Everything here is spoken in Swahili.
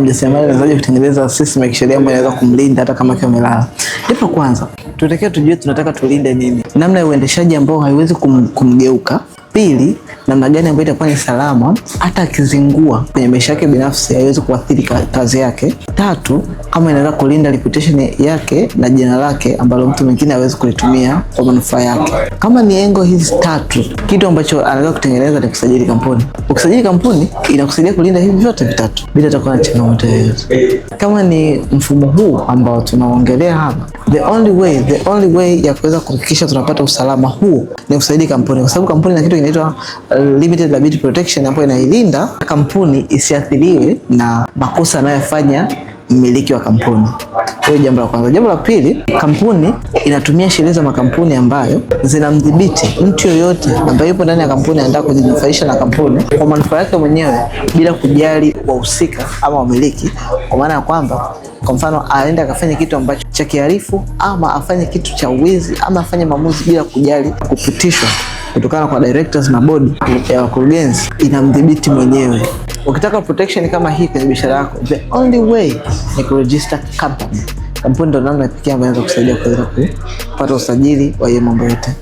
mjasiriamali anawezaje kutengeneza system ya kisheria ambayo inaweza kumlinda hata kama akiwa amelala. Ndipo kwanza tunatakiwa tujue tunataka tulinde nini, namna ya uendeshaji ambao haiwezi kum, kumgeuka. Pili, namna gani ambayo itakuwa ni salama hata akizingua kwenye maisha yake binafsi haiwezi kuathiri kazi yake. Tatu, kama inaweza kulinda reputation yake na jina lake ambalo mtu mwingine hawezi kulitumia kwa manufaa yake. Kama ni engo hizi tatu, kitu ambacho anataka kutengeneza ni kusajili kampuni. Ukisajili kampuni inakusaidia kulinda hivi vyote vitatu bila takuwa na changamoto changamoto Kama ni mfumo huu ambao tunaongelea hapa, the only way, the only way ya kuweza kuhakikisha tunapata usalama huu ni kusaidia kampuni, kwa sababu kampuni ina kitu kinaitwa uh, limited liability protection ambayo inailinda kampuni isiathiriwe na makosa anayofanya mmiliki wa kampuni. Kwa hiyo jambo la kwanza. Jambo la pili, kampuni inatumia sheria za makampuni ambayo zinamdhibiti mtu yoyote ambaye yupo ndani ya kampuni anataka kujinufaisha na kampuni kwa manufaa yake mwenyewe bila kujali wahusika ama wamiliki, kwa maana ya kwamba kwa mfano aende akafanya kitu ambacho cha kiharifu ama afanye kitu cha uwizi ama afanye maamuzi bila kujali kupitishwa kutokana kwa directors na bodi ya wakurugenzi, inamdhibiti mwenyewe. Ukitaka protection kama hii kwenye biashara yako, the only way ni kuregister kampuni. Kampuni ndo namna pekee ambayo inaweza kusaidia kuweza kupata usajili wa hiyo mambo yote.